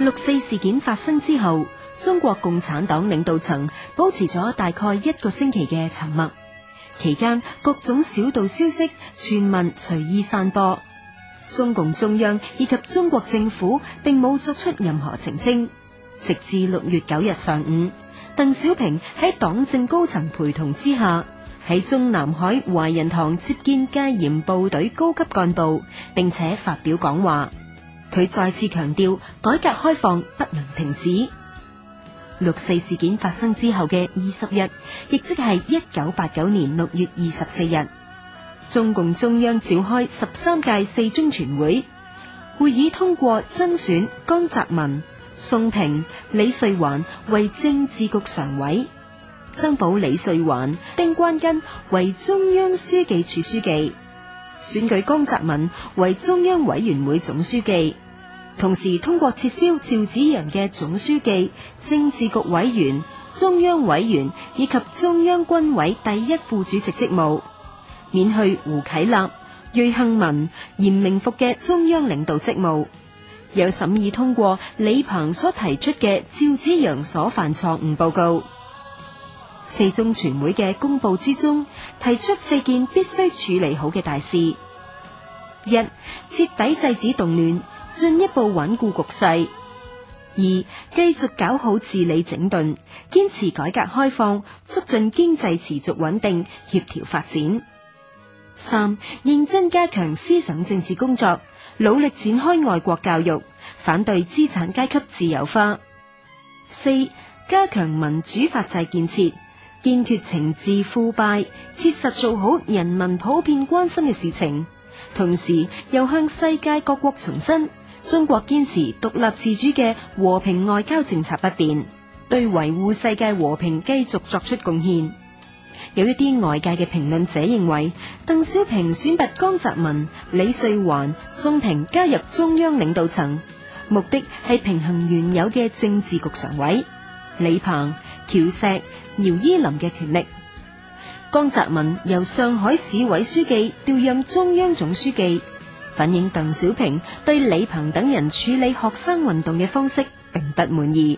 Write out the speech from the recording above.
六四事件發生之後，中國共產黨領導層保持咗大概一個星期嘅沉默。期間，各種小道消息傳聞隨意散播。中共中央以及中國政府並冇作出任何澄清，直至六月九日上午，鄧小平喺黨政高層陪同之下，喺中南海懷仁堂接見戒嚴部隊高級幹部，並且發表講話。佢再次強調改革開放不能停止。六四事件發生之後嘅二十日，亦即係一九八九年六月二十四日，中共中央召開十三屆四中全會，會議通過增選江澤民、宋平、李瑞環為政治局常委，增補李瑞環、丁關根為中央書記處書記，選舉江澤民為中央委員會總書記。同時通過撤銷趙紫陽嘅總書記、政治局委員、中央委員以及中央軍委第一副主席職務，免去胡啟立、芮杏文、閻明復嘅中央領導職務，有審議通過李鵬所提出嘅趙紫陽所犯錯誤報告。四中全會嘅公報之中提出四件必須處理好嘅大事：一、徹底制止動亂。進一步穩固局勢；二、繼續搞好治理整頓，堅持改革開放，促進經濟持續穩定協調發展；三、認真加強思想政治工作，努力展開愛國教育，反對資產階級自由化；四、加強民主法制建設，堅決懲治腐敗，切實做好人民普遍關心嘅事情，同時又向世界各國重申。中國堅持獨立自主嘅和平外交政策不變，對維護世界和平繼續作出貢獻。有一啲外界嘅評論者認為，鄧小平選拔江澤民、李瑞環、宋平加入中央領導層，目的係平衡原有嘅政治局常委李鵬、喬石、姚依林嘅權力。江澤民由上海市委書記調任中央總書記。反映鄧小平對李鵬等人處理學生運動嘅方式並不滿意。